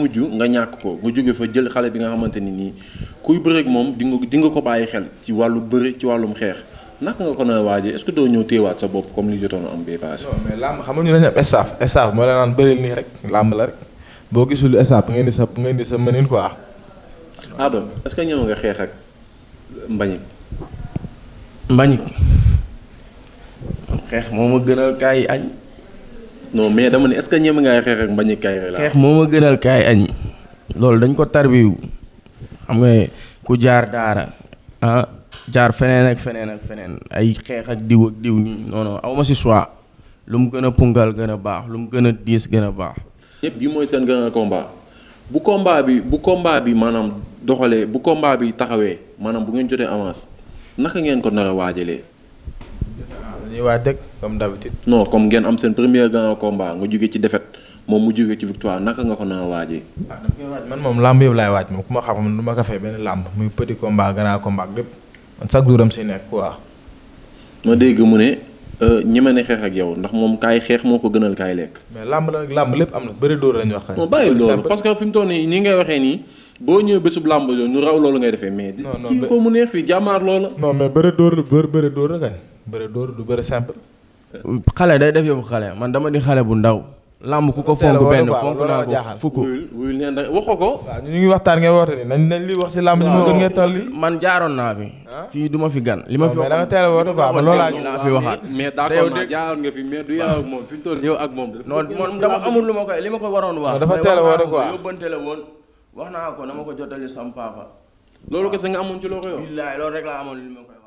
mujj nga ñàkk ko nga jóge fa jël xale bi nga xamante ni nii kuy bëreeg moom di nga di nga ko bàyyi xel ci wàllu bëri ci wàllum xeex naka nga ko na waajee est-ce que doo sa bopp comme li jotoon am bee paase. la naan la boo gisul staff nga indi sa nga indi sa mënin quoi. que ñëw nga xeex ak Mbagnick. gënal kaay añ. non mais dama ne est-ce que ñem ngay xeex ak mbañu kaay la. xeex moo ma gënal kaay añ loolu dañ ko tarbiw xam nga ku jaar daara ah jaar feneen ak feneen ak feneen ay xeex ak diw ak diw nii non non aw ma si choix lu mu gën a pungal gën a baax lu mu gën a diis gën a baax. ñëpp bi mooy seen gën a bu combat bi bu combat bi maanaam doxalee bu combat bi taxawee maanaam bu ngeen jotee avance naka ngeen ko nar a waajalee. dañuy waaj rek comme d'habitude. non comme ngeen am seen premier grand combat nga jóge ci défaite moom mu jóge ci victoire naka nga ko naa waajee. Ah, man moom làmb yëpp laay waaj moom ku ma xam du ma ko benn làmb muy petit combat grand combat lépp man chaque jour am si nekk ma dégg mu ne ñi ma ne xeex ak ndax moom kaay xeex moo ko gënal kaay lekk. mais làmb la nag làmb lépp am na bëri dóor lañu wax. non bàyyi loolu parce que fi mu toll nii nii ngay waxee nii. boo ñëwee bésub làmb yooyu ñu raw loolu ngay defee mais. non non kii ko mu neex fii jàmmaar loola. non mais bëri dóor bëri dóor la kay. bëre dóor du bëre simple. xale day def yëfu xale man dama di xale bu ndaw. làmb ku ko fonk benn fonk naa ko fukk. wuyul neen da waxoo ko. waaw ñu ngi waxtaan ngeen woote ni nañ nañ li wax si làmb ji moo gën ngeen tal li man jaaroon naa fi. Ah? fii ma fi gan. li ma fi wax da nga a woote quoi man toll yow ak moom. dama amul lu ma koy li ma ko waroon wax. dafa teel a woote quoi yóbbante la ko na ma ko jottali sama papa. loolu kese nga amoon ci loo koy wax.